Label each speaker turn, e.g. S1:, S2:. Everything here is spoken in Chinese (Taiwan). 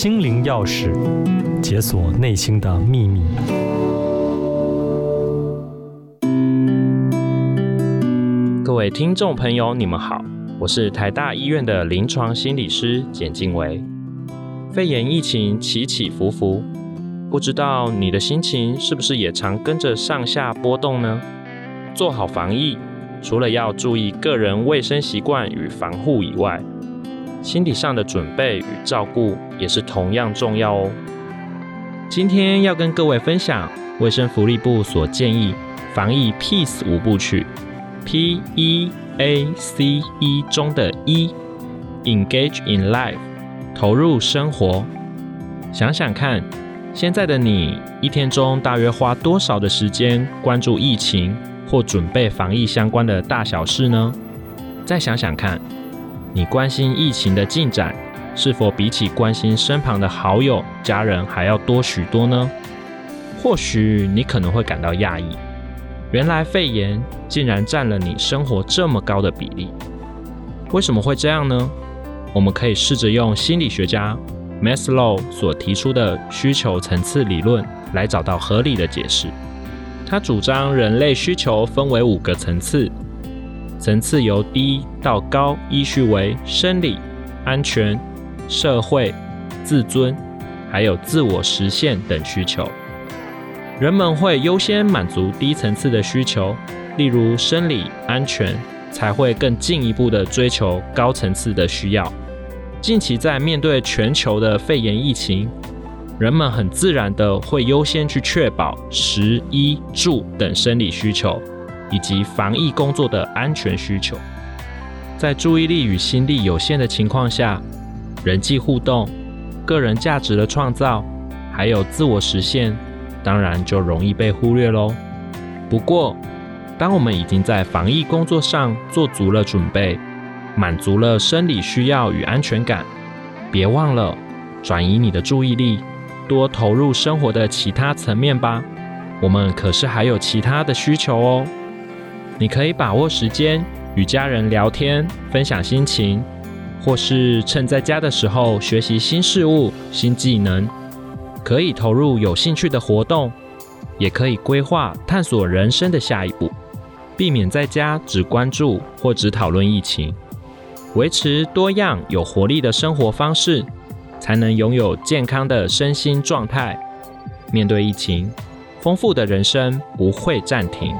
S1: 心靈鑰匙，解鎖內心的秘密。各位聽眾朋友，你們好，我是台大醫院的臨床心理師簡靜薇。肺炎疫情起起伏伏，不知道你的心情是不是也常跟着上下波動呢？做好防疫，除了要注意個人衛生習慣與防護以外，心理上的準備與照顧也是同樣重要哦。今天要跟各位分享衛生福利部所建議防疫 Peace 五部曲 P E A C E 中的 E Engage in life，投入生活。想想看，現在的你一天中大約花多少的時間關注疫情或準備防疫相關的大小事呢？再想想看。你關心疫情的進展，是否比起關心身旁的好友、家人還要多許多呢？或許你可能會感到訝異，原來肺炎竟然占了你生活這麼高的比例。為什麼會這樣呢？我們可以試着用心理學家 Maslow 所提出的需求層次理論來找到合理的解釋。他主張人類需求分為五個層次。層次由低到高，依序為生理、安全、社會、自尊，還有自我實現等需求。人們會優先滿足低層次的需求，例如生理、安全，才會更進一步地追求高層次的需要。近期在面對全球的肺炎疫情，人們很自然地會優先去確保食、衣、住等生理需求，以及防疫工作的安全需求，在注意力與心力有限的情況下，人際互動、個人價值的創造，還有自我實現，當然就容易被忽略咯。不過，當我們已經在防疫工作上做足了準備，滿足了生理需要與安全感，別忘了轉移你的注意力，多投入生活的其他層面吧。我們可是還有其他的需求哦。你可以把握時間，與家人聊天、分享心情，或是趁在家的時候學習新事物、新技能。可以投入有興趣的活動，也可以規劃探索人生的下一步。避免在家只關注或只討論疫情，維持多樣有活力的生活方式，才能擁有健康的身心狀態。面對疫情，豐富的人生不會暫停。